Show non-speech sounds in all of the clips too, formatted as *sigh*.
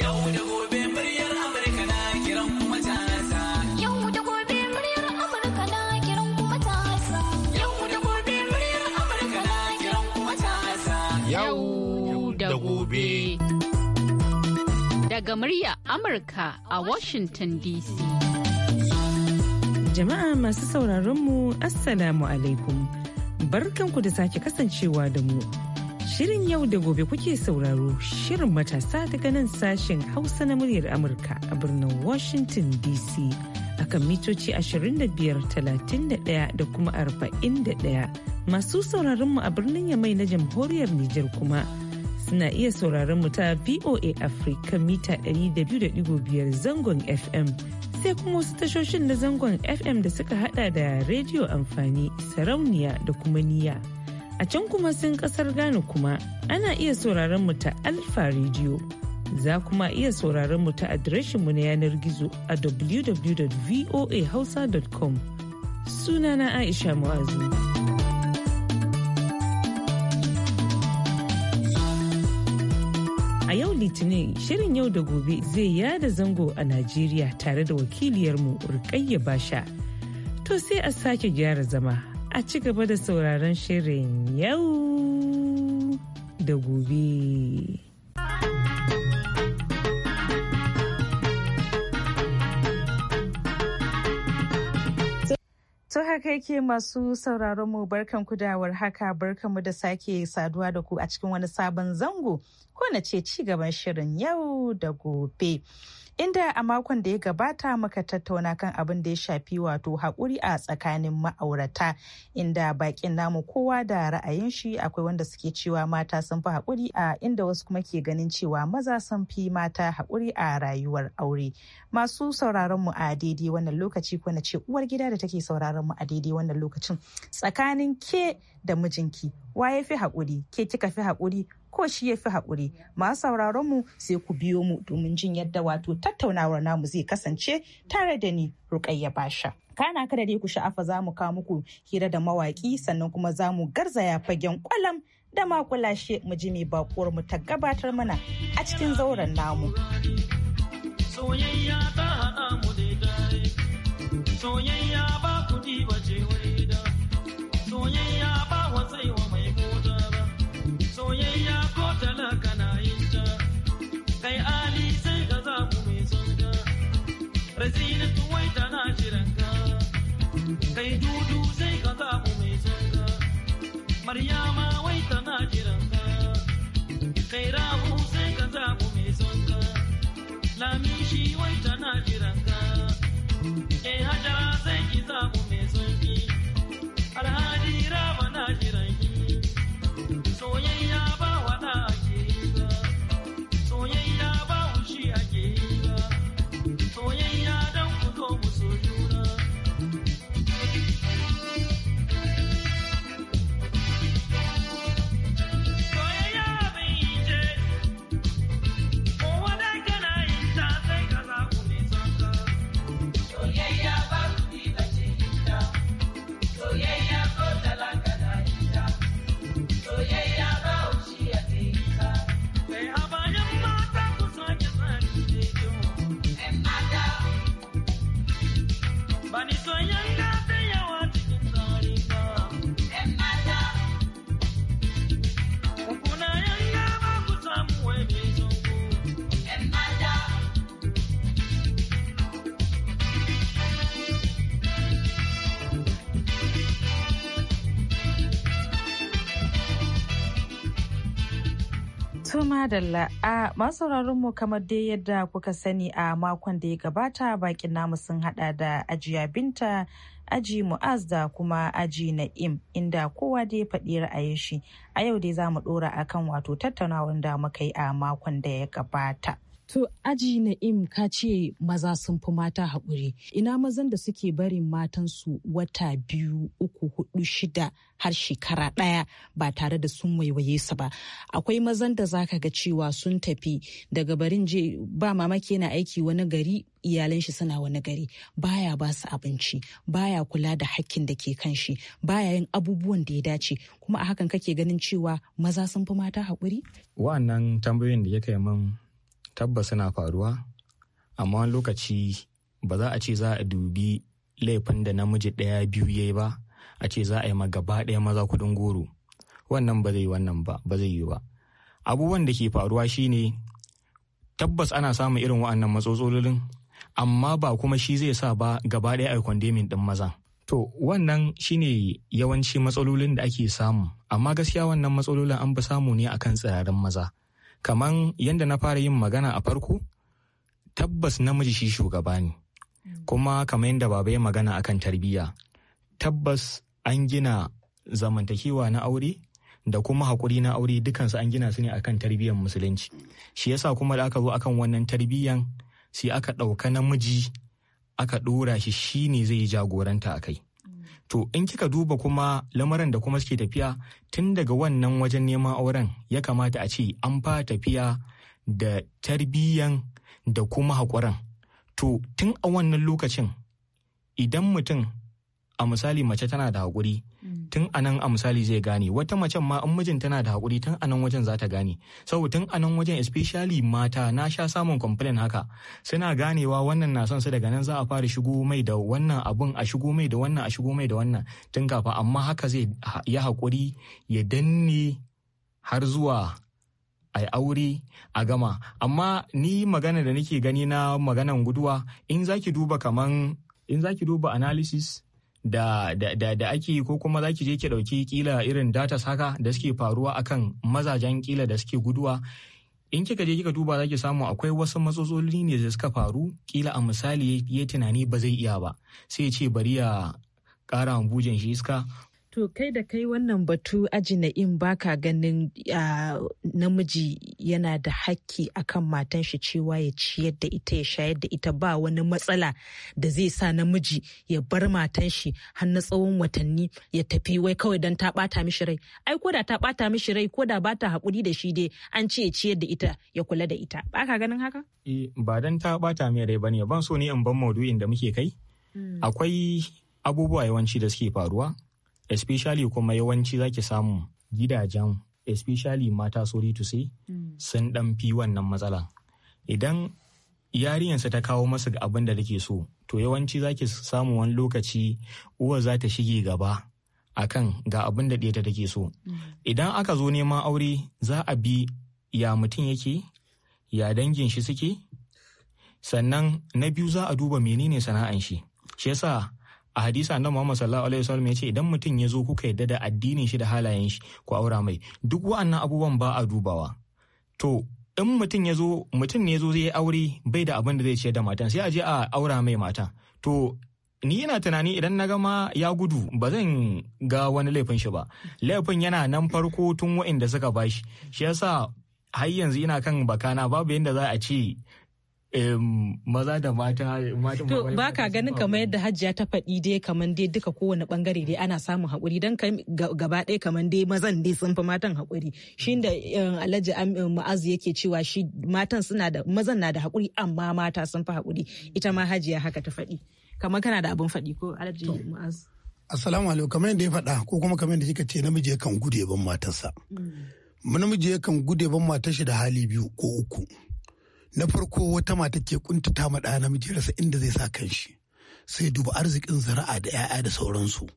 Yau da gobe muryar Amurka na kiran kuma ta Yau da gobe muryar Amurka na kiran kuma ta Yau da gobe muryar Amurka na kiran kuma ta Yau da gobe. Daga murya Amurka a Washington DC. Jama'a masu sauraronmu, Assalamu alaikum. Barkanku da sake kasancewa da mu. Shirin yau da gobe kuke sauraro shirin matasa daga nan sashen Hausa na muryar Amurka a birnin Washington DC akan mitoci 25,31 da kuma 41 masu sauraronmu a birnin Yamai na jamhuriyar Nijar kuma suna iya sauraron mu ta VOA Africa mita 200.5 zangon FM sai kuma wasu tashoshin na zangon FM da suka hada da rediyo amfani sarauniya da kuma niya. A can kuma sun kasar Ghana kuma ana iya sauraron mu ta Alfa Radio. Za kuma iya sauraron mu ta adireshinmu na yanar gizo a www.voahausa.com. Sunana Aisha Mu'azu. a yau litinin shirin yau da gobe zai yada zango a najeriya tare da wakiliyarmu rukayya basha to sai a sake gyara zama a ci gaba da sauraron shirin yau da gobe. To haka yake masu sauraron mu barkan kudawar haka barkan mu da sake saduwa da ku a cikin wani sabon zango ko na ce ci gaban shirin yau da gobe. inda a makon da ya gabata muka tattauna kan abin da ya shafi wato haƙuri a tsakanin ma'aurata inda bakin namu kowa da ra'ayin shi akwai wanda suke cewa mata sun fi haƙuri a inda wasu kuma ke ganin cewa maza sun fi mata haƙuri a rayuwar aure masu sauraron mu a daidai wannan lokaci ko na ce uwar gida da take sauraron mu a daidai wannan lokacin tsakanin ke da mijinki wa ya fi haƙuri ke kika fi haƙuri ko shi ya fi haƙuri masu sauraron mu sai ku biyo mu domin jin yadda wato tattaunawar namu zai kasance tare da ni Rukayya Basha. Kana kada dai ku sha'afa za mu kawo muku hira da mawaƙi sannan kuma za mu garzaya fagen kwalam da makulashe mu ji mai bakuwar mu ta gabatar mana a cikin zauren namu. Soyayya ba ku wai da soyayya soyayya ko tana kana yin ta kai ali sai ka za ku mai son ka razina tuwai tana jiran ka kai dudu sai ka za ku mai son ka maryama wai tana jiran ka kai rahu sai ka za ku mai son ka lamishi wai tana jiran ka kai hajara sai madalla a masauraron mu kamar dai yadda kuka sani a makon da ya gabata bakin namu sun hada da ajiya binta aji mu'az da kuma aji na'im inda kowa da ya faɗi ra'ayin shi a yau dai za mu ɗora akan wato tattaunawar da muka yi a makon da ya gabata. To aji na'im ka ce maza sun fi mata haƙuri. Ina mazan da suke barin matansu wata biyu uku hudu shida har shekara ɗaya ba tare da sun waiwaye su ba. Akwai mazan da zaka ga cewa sun tafi daga barin je ba mamaki yana aiki wani gari iyalan shi suna wani gari baya ba su abinci baya kula da hakkin da ke kan shi baya yin abubuwan da ya dace kuma a hakan kake ganin cewa maza sun fi mata haƙuri? Wa'annan tambayoyin da ya kai min tabbas suna faruwa amma wani lokaci ba za a ce za a dubi laifin da namiji ɗaya biyu ya ba a ce za a yi gaba ɗaya maza kudin goro wannan ba zai wannan ba ba zai yi ba abubuwan da ke faruwa shine tabbas ana samun irin wa'annan matsotsololin amma ba kuma shi zai sa ba gaba ɗaya a kwandemin ɗin maza to wannan shine yawanci matsalolin da ake samu amma gaskiya wannan matsalolin an fi samu ne akan tsirarin maza kaman yadda na fara yin magana a farko tabbas namiji shi shugaba ne kuma kamar yadda baba ya magana akan tarbiyya tabbas an gina zamantakewa na aure da kuma haƙuri na aure dukansu an gina su ne akan tarbiyyar musulunci shi yasa kuma da aka zo akan wannan tarbiyyan sai aka ɗauka namiji aka ɗora shi shine zai yi jagoranta a kai to in kika duba kuma lamarin da kuma suke tafiya tun daga wannan wajen neman auren ya kamata a ce an fa tafiya da tarbiyyan da kuma haƙuran to tun a wannan lokacin idan mutum a misali mace tana da haƙuri tun anan a misali zai gane wata macen ma in mijin tana da hakuri tun anan wajen za ta gane saboda tun anan wajen especially mata na sha samun complain haka suna ganewa wannan na son su daga nan za a fara shigo mai da wannan abun a shigo mai da wannan a shigo mai da wannan tun kafa amma haka zai ya hakuri ya danne har zuwa a aure a gama amma ni magana da nake gani na maganan guduwa in zaki duba kaman in zaki duba analysis da, da, da, da ake ko kuma zaki je ki ɗauki kila irin data saka da suke faruwa akan mazajen kila da suke guduwa in kika je kika duba za ki samu akwai wasu matsaloli ne da suka faru kila a misali ya tunani ba zai iya ba sai ce bari ya kara bujin shi iska To kai da kai wannan batu aji na in baka ganin namiji yana da hakki akan matan shi cewa ya ciyar da ita ya shayar da ita ba wani matsala da zai sa namiji ya bar matan shi har na tsawon watanni ya tafi wai kawai don ta bata mishi rai. Ai koda ta bata mishi rai koda ba ta haƙuri da shi dai an ce ya ciyar da ita ya kula da ita. Baka ganin haka? Eh, ba dan ta bata mai rai bane ban so ne in ban maudu'in da muke kai. Hmm. Akwai abubuwa yawanci da suke faruwa especially kuma yawanci zaki samu gidajen especially mata sorry to say mm. sun dan fi wannan matsalan idan yarinyarsa ta kawo masa ga abin da take so to yawanci zaki samu wani lokaci uwa za ta shige gaba akan ga abin da ta take so mm. idan aka zo neman aure za a bi ya mutum yake ya dangin shi suke sannan na biyu za a duba menene sana'an shi shi yasa a hadisa annabi Muhammad sallallahu alaihi wasallam ya ce idan mutum ya zo kuka yadda da addinin shi da halayen shi ku aura mai duk wa'annan abubuwan ba a dubawa to in mutum ya zo ne ya zo zai aure bai da abin da zai ciyar da matan sai a je a aura mai mata to ni ina tunani idan na gama ya gudu ba zan ga wani laifin shi ba laifin yana nan farko tun wa'inda suka bashi shi yasa har yanzu ina kan bakana babu yadda za a ce maza da mata to ba ka ganin kamar yadda hajjiya ta faɗi dai kamar dai duka kowane bangare dai ana samun haƙuri dan gaba ɗaya kamar dai mazan dai sun fi matan haƙuri shi da alhaji ma'azu yake cewa shi matan suna da mazan na da haƙuri amma mata sun fi haƙuri ita ma hajjiya haka ta faɗi kamar kana da abin faɗi ko alhaji ma'azu assalamu alaikum kamar yadda ya faɗa ko kuma kamar yadda kika ce namiji yakan gude ban matarsa mm. namiji yakan gude ban matarsa da hali biyu ko uku na farko wata mata ke kuntata ma ɗaya namiji inda zai sa kanshi sai duba arzikin zara'a da 'ya'ya da sauransu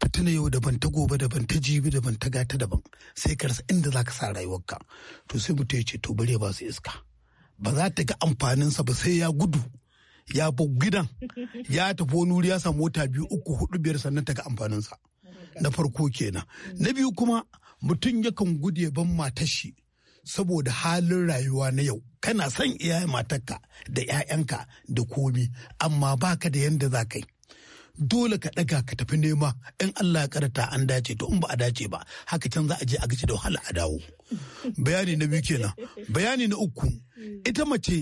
fitina yau daban ta gobe daban ta jibi daban ta gata daban sai ka inda zaka ka sa rayuwarka to sai mutum ya ce to bare ba su iska ba za ta ga amfaninsa ba sai ya gudu ya bi gidan *laughs* ya tafi wani wuri ya samu wata biyu uku hudu biyar sannan ta ga amfaninsa na farko kenan na biyu kuma mutum yakan gudu ya ban matar shi saboda halin rayuwa na yau kana son iyaye matarka da 'ya'yanka da komi amma baka da yadda za ka yi dole ka ɗaga ka tafi nema in Allah ya karata an dace to in ba a dace ba haka can za a je a gaci da wahala a dawo bayani na biyu kenan bayani na uku ita mace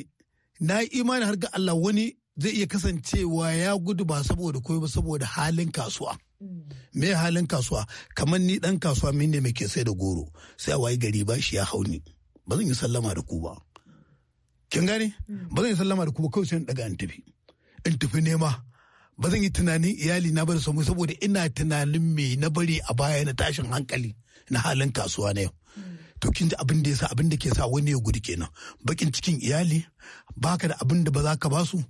na yi imani har ga Allah wani zai iya kasancewa ya gudu ba saboda koyo ba saboda halin kasuwa me halin kasuwa kamar ni dan kasuwa min ne mai sai da goro sai a wayi gari ba shi ya hauni ba zan yi sallama da ku ba kin gane ba zan yi sallama da ku ba kawai sai in daga in tafi in tafi nema ba zan yi tunanin iyali na bari samu saboda ina tunanin me na bari a baya na tashin hankali na halin kasuwa na yau to kin ji abin da yasa abin da ke sa wani ya gudu kenan bakin cikin iyali baka da abin da ba za ka basu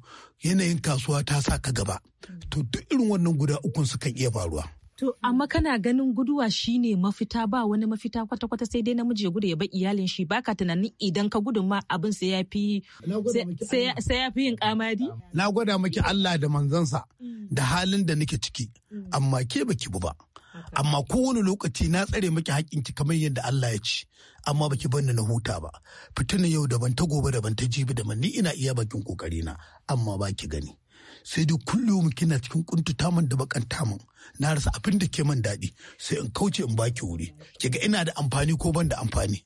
yanayin kasuwa ta sa ka gaba to duk irin wannan guda ukun sukan iya faruwa To amma kana ganin guduwa shine mafita ba wani mafita kwata-kwata sai dai namiji ya gudu ya bar iyalin shi baka tunanin idan ka gudun ma abin sai ya fi yin kamadi. Na gwada maki Allah da manzansa mm. da halin da nake ciki mm. amma ke baki bu ba. Amma kowane lokaci na tsare maki hakkin kamar yadda Allah ya ci amma baki banni na huta ba. Fitina yau daban ta gobe daban ta jibi daban ni ina iya bakin kokari na amma baki gani. sai dai kullum kina cikin kuntuta man da bakanta man na rasa abin da ke man daɗi sai in kauce in baki wuri kiga ina da amfani ko ban da amfani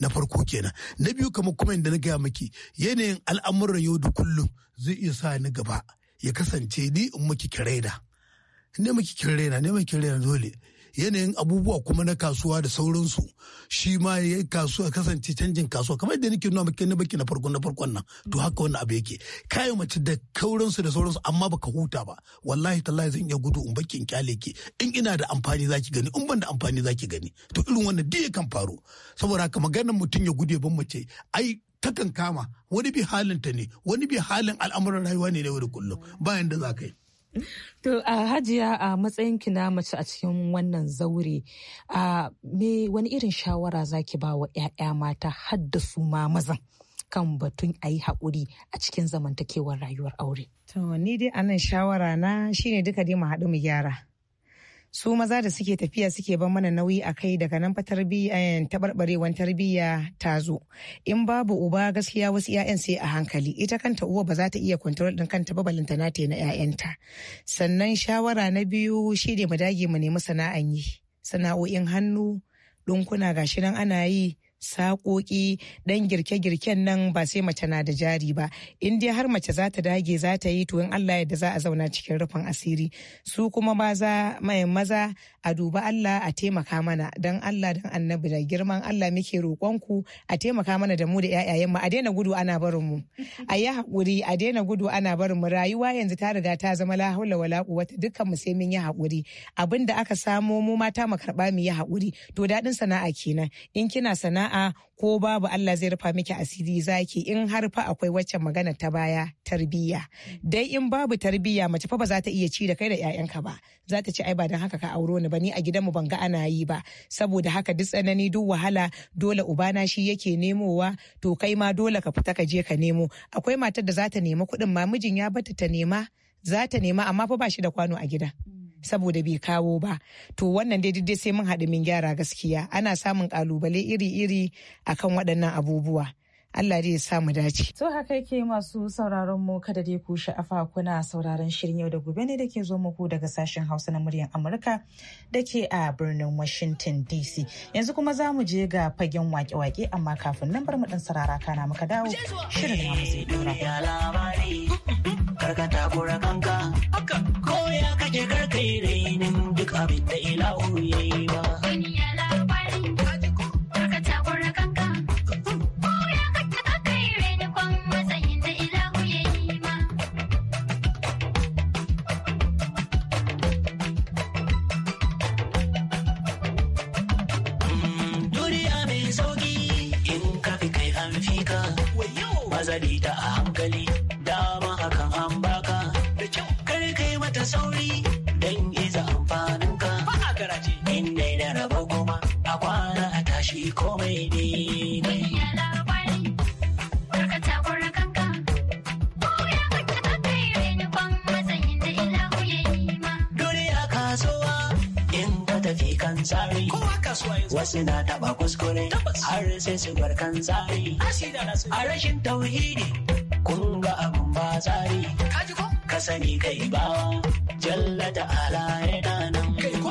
na farko kenan na biyu kamar kuma da na gaya maki yanayin al'amuran yau da kullum zai iya sa ni gaba ya kasance ni in miki kiraina ne miki kiraina ne miki kiraina dole yanayin abubuwa kuma na kasuwa da sauransu shi ma ya kasuwa kasance canjin kasuwa kamar yadda nake nuna maka na baki na farkon na farkon nan to haka wannan abu yake kayan mace da kauransu da sauransu amma baka huta ba wallahi tallahi zan iya gudu in baki in kyale ki in ina da amfani zaki gani in ban da amfani zaki gani to irin wannan duk kan faru saboda haka maganar mutum ya gudu ya ban mace ai takan kama wani bi halinta ne wani bi halin al'amuran rayuwa ne na yau da kullum bayan da za ka yi To a hajiya a matsayin ki na mace a cikin wannan zaure a me wani irin shawara zaki ba wa 'ya'ya mata har da su ma mazan kan batun a yi haƙuri a cikin zamantakewar rayuwar aure. To ni dai anan shawara na shine duka dai mu haɗu mu gyara. su maza da suke tafiya suke ban mana nauyi a kai daga nan tarbiyya eh, tabarbarewan tarbiyya ta zo in babu uba gaskiya wasu 'ya'yan sai a hankali ita kanta uwa ba za ta iya kwantarol ɗin kanta ba balanta na na 'ya'yanta sannan shawara na biyu shi ne mu dage mu nemi sana'an yi sana'o'in hannu dunkuna gashi nan ana yi sakoki dan girke-girken nan ba sai mace na da jari ba in dai har mace za ta dage za ta yi to in Allah yadda za a zauna cikin rufin asiri su kuma za mai maza a duba Allah a taimaka mana dan Allah dan annabi da girman Allah muke roƙonku a taimaka mana da mu da ƴaƴayen mu a daina gudu ana barin mu *laughs* a yi haƙuri a daina gudu ana barin mu rayuwa yanzu ta riga ta zama la haula wala quwwata dukkan mu sai mun yi haƙuri abinda aka samo mu mata mu karba mu yi haƙuri to dadin sana'a kenan in kina sana'a a'a ko babu Allah zai rufa miki asiri zaki in har fa akwai waccan magana ta baya tarbiyya dai in babu tarbiyya mace fa ba za ta iya ci da kai da ƴaƴanka ba za ta ce ai ba dan haka ka auro ni ba ni a mu ban ga ana yi ba saboda haka duk tsanani duk wahala dole ubana shi yake nemowa to kai ma dole ka fita ka je ka nemo akwai matar da za ta nema kuɗin ma mijin ya bata ta nema za ta nema amma fa ba shi da kwano a gida. saboda bai kawo ba to wannan dai dai sai mun haɗu min gyara gaskiya ana samun kalubale iri-iri akan waɗannan abubuwa Allah dai ya sa mu dace. To haka yake masu sauraron mu kada dai ku sha'afa kuna sauraron shirin yau da gobe ne da ke zo muku daga sashen Hausa na muryar Amurka dake a birnin Washington DC. Yanzu kuma za mu je ga fagen wake-wake amma kafin nan bar mu dan sarara kana muka dawo shirin namu zai dora. Ya labari karkata kanka. faɗi kar kai rainin duk abin da ilahu yayi tsari wasu na taba kuskure har sai su barkan tsari a rashin tauhidi kun ga abun ba tsari ka sani kai ba jallata ala yana nan kai ko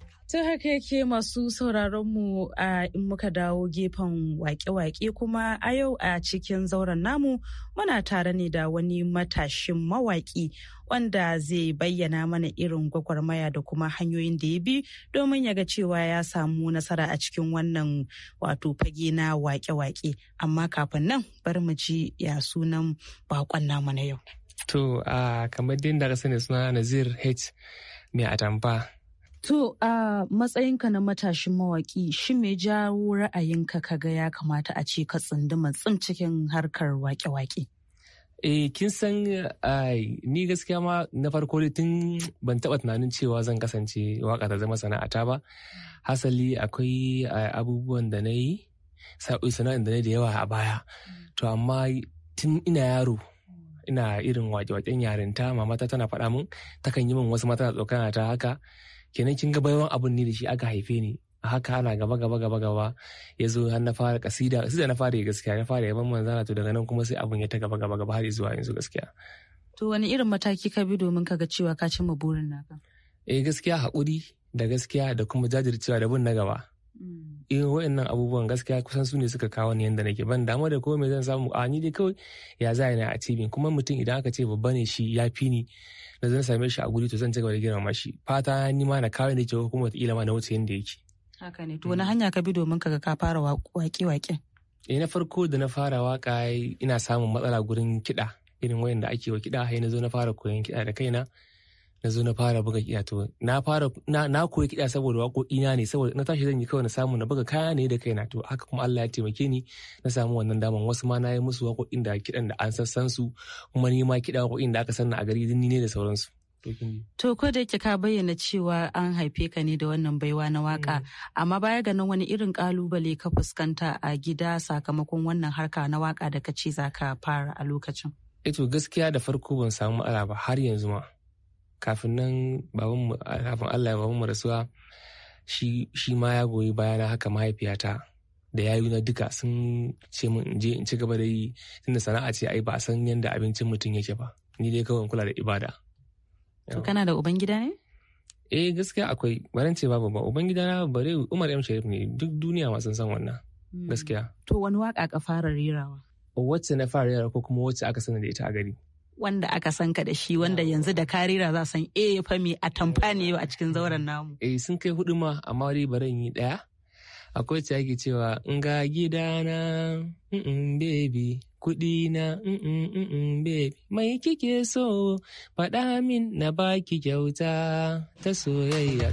ta haka yake masu sauraronmu a in muka dawo gefen wake-wake kuma a yau a cikin zauren namu muna tare ne da wani matashin mawaki wanda zai bayyana mana irin gwagwarmaya da kuma hanyoyin da ya bi domin ya ga cewa ya samu nasara a cikin wannan wato fage na wake-wake. Amma kafin nan bari mu ji ya sunan bakon namu na yau. To, kamar din da sani suna Nazir H. mai atamfa. To a matsayinka na matashin mawaki shi mai jawo ra'ayinka ka ga ya kamata a ce ka tsunduma tsim cikin harkar wake-wake? Eh kin san ni gaskiya ma na farko tun ban taɓa tunanin cewa zan kasance waka ta zama sana'ata ba. Hasali akwai abubuwan da na yi sana'in da na da yawa a baya. To amma tun ina yaro ina irin wake-waken yarinta mamata tana faɗa min takan yi min wasu mata tsokana ta haka. kenan kin ga baiwan abun ni da shi aka haife ni A haka ana gaba gaba gaba gaba ya zo har na fara kasida kasida na fara gaskiya na fara yaban manzana to daga nan kuma sai abun ya ta gaba gaba gaba har zuwa yanzu gaskiya to wani irin mataki ka bi domin ka ga cewa ka cimma burin naka eh gaskiya hakuri da gaskiya da kuma jajircewa da bin na gaba mm. irin wa'annan abubuwan gaskiya kusan su ne suka kawo ni yadda nake ban damu da komai zan samu a ni dai kawai ya za na a cibin kuma mutum idan aka ce babba ne shi ya fi ni na zan same shi a guri to zan cigaba da girma shi fata ni ma na kawo ne kuma wataƙila ma na wuce yadda yake. haka ne to wani hanya ka bi domin kaga ka fara waƙe waƙe eh na farko da na fara waƙa ina samun matsala gurin kiɗa irin wayanda ake wa kiɗa hai na zo na fara koyon kiɗa da kaina na zo na fara buga kiɗa to na fara na koyi kiɗa saboda waƙoƙi ne saboda na tashi zan yi kawai na samu na buga kaya ne da kaina to haka kuma Allah ya taimake ni na samu wannan daman wasu ma na yi musu waƙoƙin da kiɗan da an sassan su kuma ni ma kiɗa waƙoƙin da aka sanna a gari ni ne da sauransu. To ko da yake ka bayyana cewa an haife ka ne da wannan baiwa na waka mm. amma baya ga nan wani irin kalubale ka fuskanta a gida sakamakon wannan harka na waka da ka ce za ka fara a lokacin. Eto eh gaskiya da farko ban samu matsala ba har yanzu ma. kafin nan kafin Allah ya mu rasuwa shi ma ya goyi bayana haka mahaifiyata da yayu na duka sun ce min in je in ci gaba da yi tunda sana'a ce ai ba a san yadda abincin mutum yake ba ni dai kawai kula da ibada to kana da uban gida ne eh gaskiya akwai baran ce babu ba uban gida na bare Umar M Sharif ne duk duniya ma sun san wannan hmm. gaskiya to wani waka ka fara rirawa wacce na fara rirawa ko kuma wacce aka sani da ita a gari wanda aka san ka da shi wanda yanzu da karira za san eh fa mi a tamfa a cikin zauren namu eh sun kai hudu ma amma wani baran yi daya akwai ta yake cewa in ga gidana na baby kuɗi na baby mai kike so faɗa min na baki kyauta ta soyayya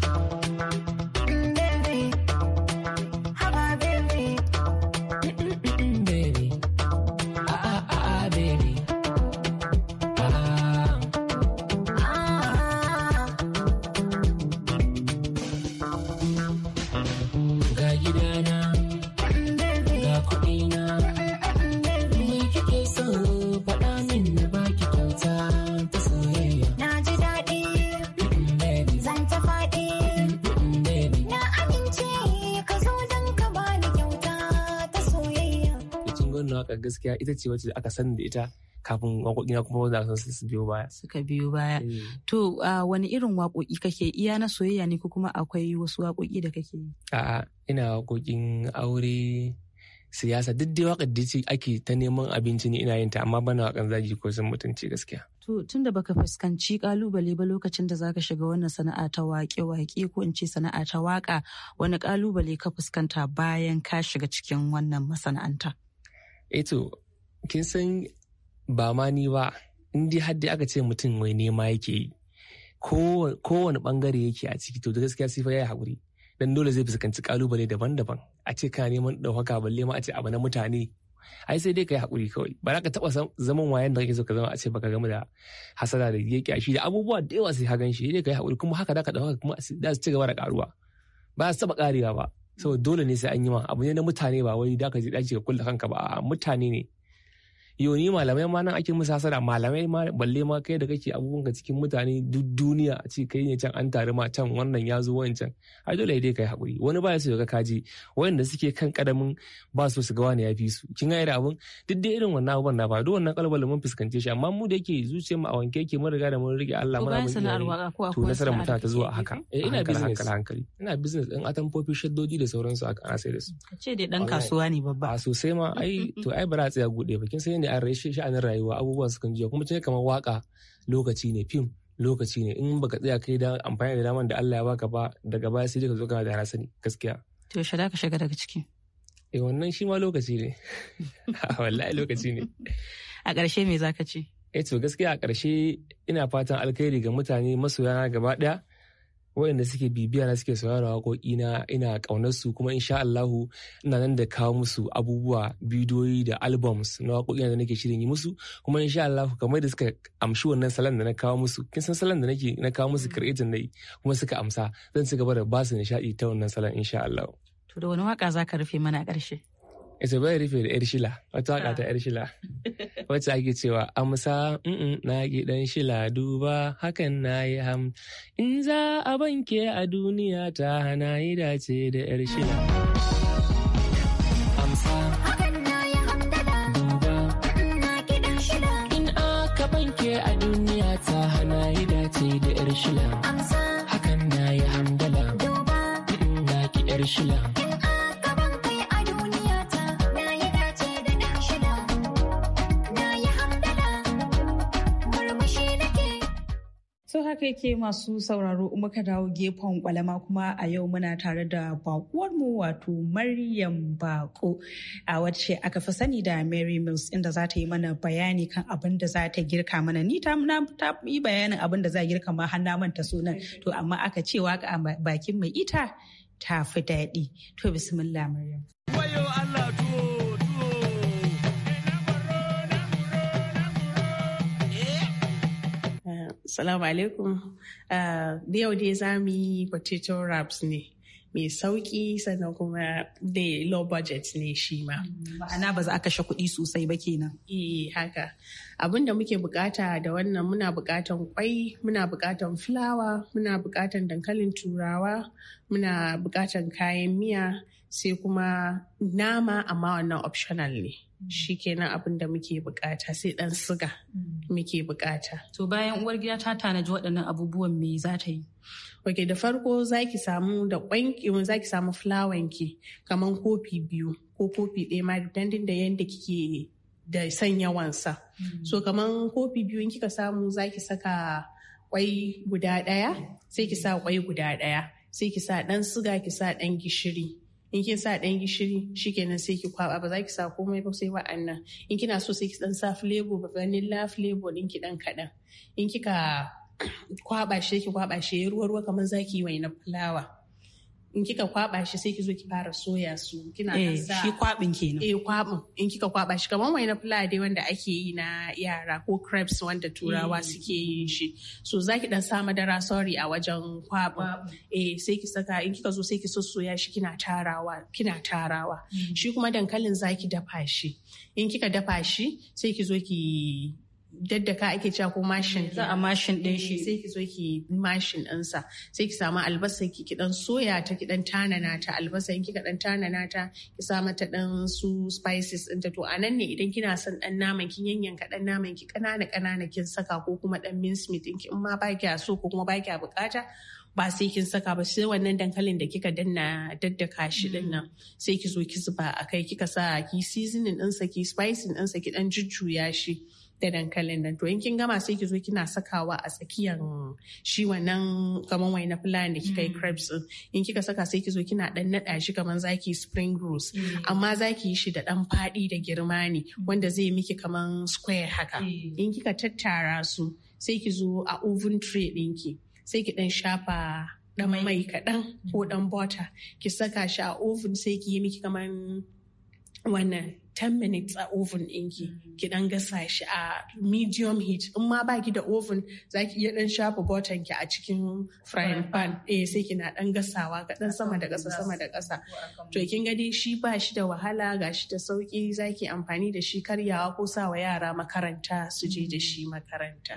wannan waƙar gaskiya ita ce wacce aka san da ita kafin waƙoƙi na kuma wanda sun su biyo baya. Suka biyo baya. Eh. To wani irin waƙoƙi kake iya na soyayya ne ko kuma akwai wasu waƙoƙi da kake yi? A'a ina waƙoƙin aure siyasa duk dai waƙar da ce ake ta neman abinci ne ina yin ta amma bana waƙan zagi ko sun mutunci gaskiya. To tun da baka fuskanci kalubale ba lokacin da zaka shiga wannan sana'a ta waƙe waƙe ko in ce sana'a ta waƙa wani kalubale ka fuskanta bayan ka shiga cikin wannan masana'anta. eto eh kin san ba ma ni ba in dai haddi aka ce mutum wai nema yake yi kowane bangare yake a ciki to da gaskiya sifa ya yi haƙuri dan dole zai fuskanci kalubale daban-daban a ce ka neman ɗaukaka balle ma a ce abu na mutane ai sai dai ka yi haƙuri kawai ba za ka taɓa zaman wayan da kake so ka zama a ce baka gama da hasada da a shi da abubuwa da yawa sai ka gan shi dai ka yi haƙuri kuma haka da ka ɗaukaka kuma za su ci gaba da ƙaruwa ba su taɓa ƙarewa ba saboda dole ne sai an yi ma abu ne na mutane ba wai da ka je daji ka kulle kanka ba mutane ne yoni malamai ma nan ake musu hasara malamai ma balle ma kai da kake abubuwan ka cikin mutane duk duniya a ce kai ne can an tare ma can wannan ya zo wancan ai dole dai kai hakuri wani ba ya so ga kaji wanda suke kan kadamin ba su su ga wani ya fi su kin ga abun duk da irin wannan abubuwan na ba duk wannan kalbal mun fuskance shi amma mu da yake zuciyar mu a wanke yake mun riga da mun rike Allah muna mun yi to nasara mutane ta zuwa haka eh, ina business hankali ina business din atamfofi shaddoji da sauransu aka ana sai da su ce dai dan kasuwa ne babba a sosai ma ai *laughs* to ai ba za a tsaya gude ba kin sai A rashin sha'anin rayuwa abubuwa sukan juya kuma cin kamar waka lokaci ne fim lokaci ne in baka tsaya kai da amfani da daman da Allah ya baka ba daga baya sai ka zo kana da ne gaskiya to shi ka shiga daga ciki eh wannan shi ma lokaci ne *laughs* wallahi lokaci ne a ƙarshe me zaka ce eh to gaskiya a ƙarshe ina fatan alkhairi ga mutane masoyana gaba ɗaya waɗanda suke bibiya na suke saurara waƙoƙi na ina ƙaunar su kuma insha Allahu ina nan da kawo musu abubuwa bidiyoyi da albums na waƙoƙi da nake shirin yi musu kuma insha Allahu kamar da suka amshi wannan salon da na kawo musu kin san salon da nake na kawo musu creating nayi kuma suka amsa zan ci gaba da basu su nishaɗi ta wannan salon insha Allahu to da wani waka zaka rufe mana a ƙarshe ita bai rufe da 'yar shila wata waka ta ah. 'yar shila *laughs* wacce ake cewa amsa na gidan shila duba hakan na yi ham in za a banke a duniya ta hana yi dace da 'yar shila amsa a duniya ta hana yi dace da 'yar shila hakan na yi hamdala duba na ki 'yar shila So haka yake masu sauraro muka dawo gefen kwalama kuma a yau muna tare da mu wato Maryam Bako a wacce aka fi sani da Mary Mills inda za ta yi mana bayani kan abin da za ta girka mana ni ta yi bayanin abin da za girka ma har na manta sunan to amma aka ce waka bakin mai ita ta fi daɗi to bismillah Maryam. Salamu alaikum. Da ah, yau dai za mu yi potato wraps ne. Mai sauki sannan kuma da low budget ne shi ma. Ma'ana ba za a kashe kuɗi sosai ba kenan. Eh haka. Abin da muke bukata da wannan muna bukatan kwai, muna bukatan fulawa, muna bukatan dankalin turawa, muna bukatan kayan miya. sai kuma nama amma wannan optional ne mm. shi kenan abin da muke bukata sai dan siga mm. muke bukata to bayan uwar gida ta tanaji waɗannan abubuwan me za ta yi ok da farko za ki samu da kwanki eh, za ki samu fulawanki kamar kofi biyu ko kofi ɗaya ma dandin da yadda kike da son yawansa mm. so kamar kofi biyu in kika samu za ki saka kwai guda ɗaya sai ki sa kwai guda ɗaya sai ki sa ɗan siga ki sa ɗan gishiri in kin sa ɗan gishiri shikenan sai ki kwaba ba za ki sa komai ba sai wa'annan in kina so sai ki dan sa flavor vanilla flavor din ki dan kaɗan in kika kwaba shi ki kwaba shi ruwa ruwa kamar zaki yi wainar fulawa in kika kwaba shi sai ki zo ki fara soya su kina eh, sa shi kwabin kenan eh kwabin in kika kwaba shi kamar wani fula dai wanda ake yi na yara ko crepes wanda turawa eh. suke yin shi so zaki dan sa madara sorry a wajen kwabin eh sai ki saka in kika zo sai ki soya shi kina tarawa kina tarawa mm. shi kuma dankalin zaki dafa shi in kika dafa shi sai ki zo ki daddaka ake cewa ko mashin za a mashin din shi eh, sai ki zo ki mashin ɗinsa sai ki samu albasa ki ki dan soya ta ki dan tanana ta albasa in kika dan tanana ta ki sa mata dan su spices din ta to anan ne idan kina son dan naman kin yanyanka dan naman ki kanana kanana kin saka ko kuma dan mince meat in ma ba kya so ko kuma ba kya bukata ba sai kin saka ba sai wannan dankalin da kika danna daddaka shi din nan mm. sai ki zo ki zuba a kai kika sa ki seasoning ɗinsa ki spicing ɗinsa ki dan jujjuya shi da dankalin nan to in kin gama sai ki zo kina sakawa a tsakiyar shi wannan kaman wai na fulani da kika yi mm. crepes in kika saka sai ki zo kina dan nada shi kaman zaki spring rolls mm. amma zaki yi shi da dan fadi da girma ne mm. wanda zai miki kaman square haka in kika tattara su sai ki zo a oven tray ɗinki sai ki dan shafa dan mai kaɗan ko dan bota ki saka shi a oven sai ki yi miki kaman wannan 10 minutes a oven ɗinki ki ɗan gasa shi a medium heat in ma ba ki da oven za ki iya dan shafa button ki a cikin frying pan eh sai ki na ɗan gasawa ga dan sama da ƙasa sama da ƙasa to kin ga dai shi ba shi da wahala ga shi da sauki za ki amfani da shi karyawa ko sawa yara makaranta su je da shi makaranta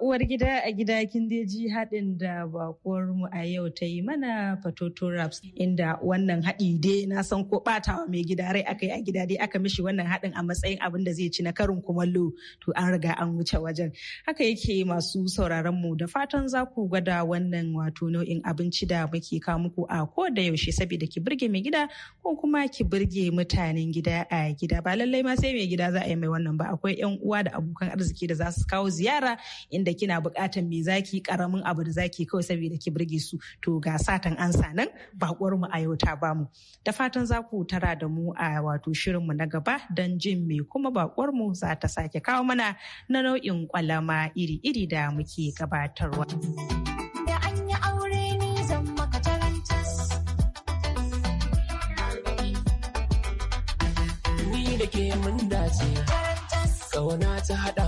uwar gida a gida kin ji haɗin da bakuwar mu a yau ta yi mana fatoto raps inda wannan haɗi dai na san ko ɓatawa mai gida rai aka yi a gida dai aka mishi wannan haɗin a matsayin abin da zai ci na karin kumallo to an riga an wuce wajen haka yake masu sauraron mu da fatan za ku gwada wannan wato nau'in abinci da muke ka muku a ko da yaushe saboda ki burge mai gida ko kuma ki burge mutanen gida a gida ba lallai ma sai mai gida za a yi mai wannan ba akwai yan uwa da abokan arziki da za su kawo ziyara inda da kina bukatan me zaki karamin abu da zaki kawai saboda ki burge su to ga satan an sanan bakwar mu a yau ta bamu da fatan za ku tara da mu a wato shirin mu na gaba dan jin me kuma bakwar mu za ta sake kawo mana na nau'in kwalama iri-iri da muke gabatarwa. da ke mun dace, ta hada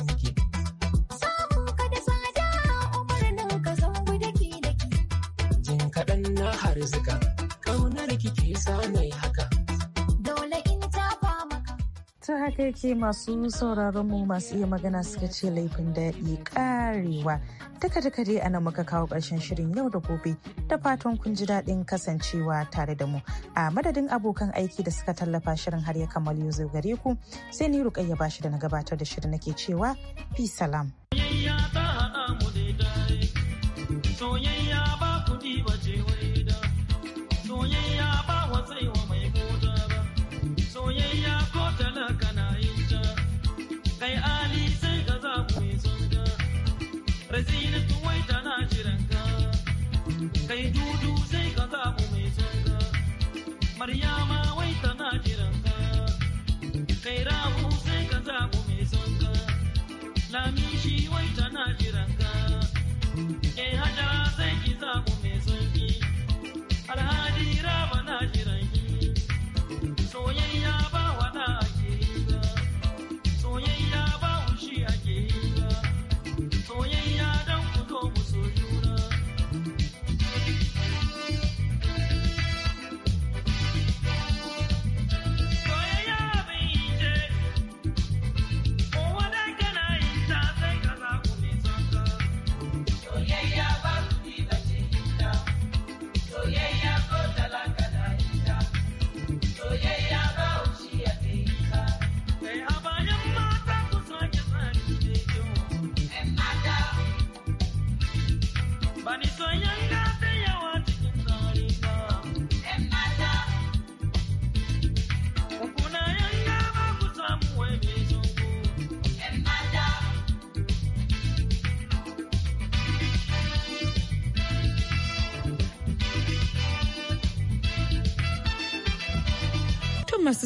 haka ke masu sauraron mu masu iya magana suka ce laifin daɗi karewa duka duka dai ana muka kawo ƙarshen shirin yau da gobe da fatan kun ji daɗin kasancewa tare da mu a madadin abokan aiki da suka tallafa shirin har ya kammal yau gare ku sai ni rukayya bashi da na gabatar da shirin nake cewa fi salam. Soyayya kai dudu sai ka zamu mai sanga maryama wai tana jiran ka kai rahu sai ka zamu mai sanga lamishi wai tana jiran ka eh hajara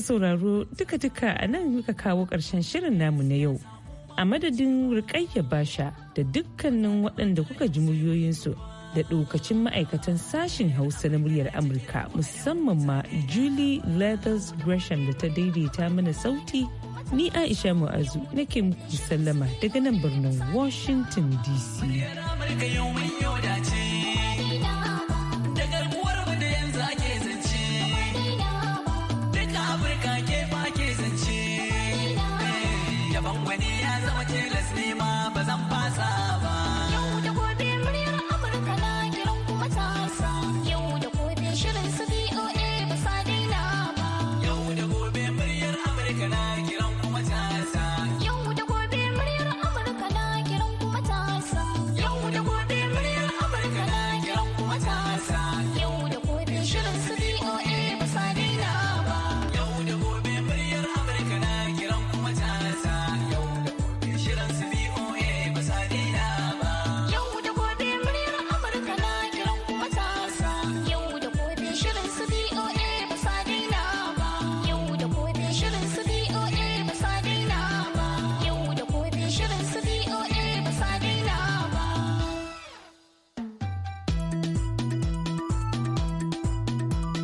sauraro duka-duka a nan muka kawo ƙarshen shirin namu na yau. A madadin rikayya basha da dukkanin waɗanda kuka ji muryoyinsu da ɗokacin ma'aikatan sashen Hausa na muryar Amurka musamman ma Julie Leathers Gresham da ta daidaita mana sauti ni Aisha Mu'azu nake muku sallama daga nan birnin Washington DC.